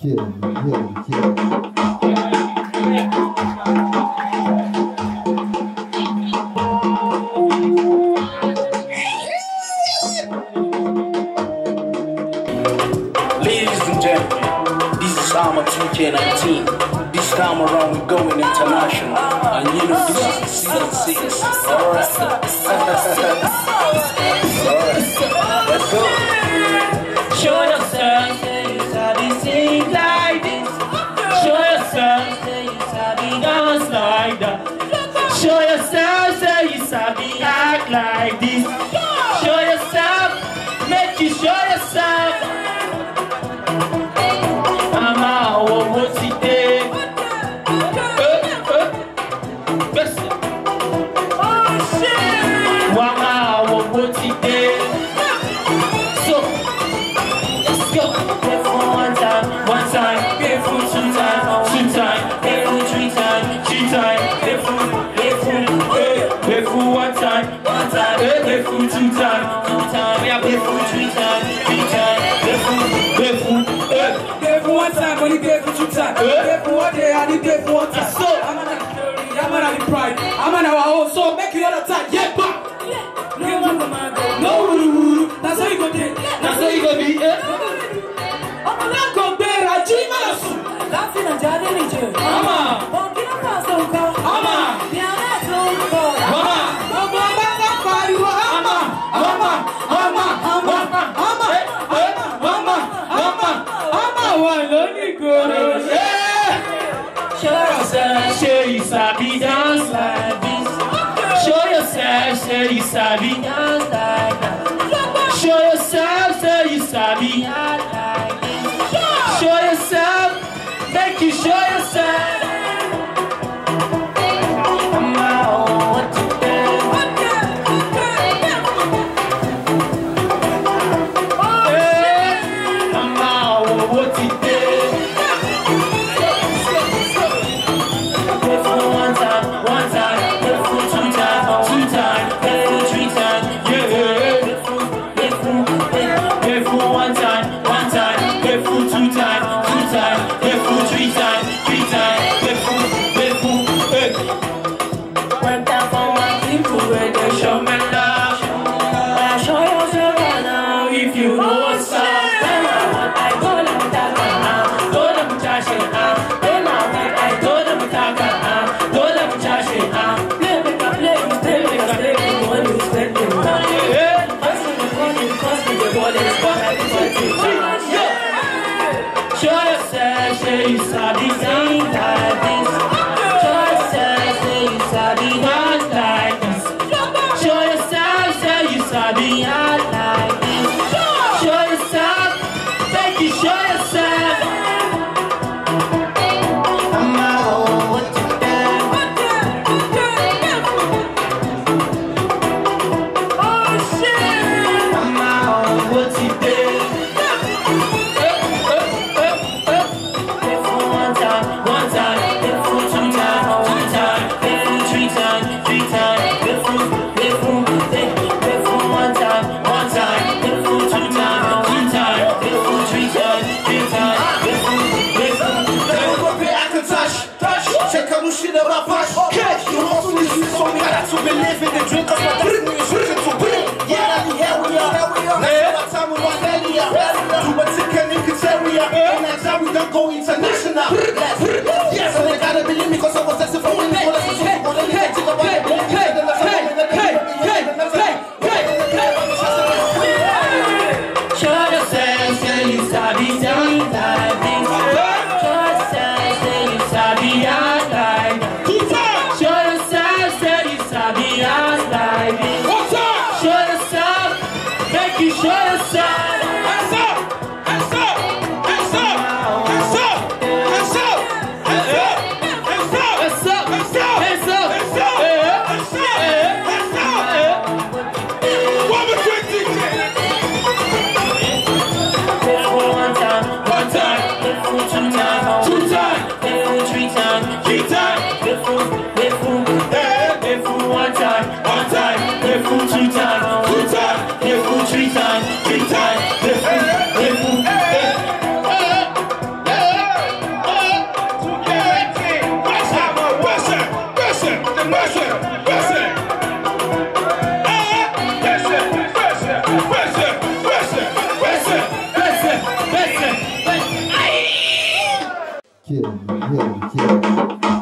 Ladies and gentlemen, this is our 2K19. This time around we're going international. And you know this is season 6. Alright. Alright. Let's go. Show yourself, say you sabi act like this. Barefoot three times, three times. Barefoot, barefoot, eh. Barefoot one time, only barefoot two times. Barefoot one day, I did barefoot one time. So, I'm an I'm an pride. I'm an our own. So make it all the time. Yeah, back. Yeah, no, no, no, no. That's how you go there. That's how you go be. Eh? I'm not going there. I'm not going there. That's in a jar. sabi. Show yourself, say you sabi. Show yourself, make you show yourself. Show yourself, show you sabi, Let's three times, two times, hit food three times, three times, hit food, hit food, hit Yeah, yeah, yeah.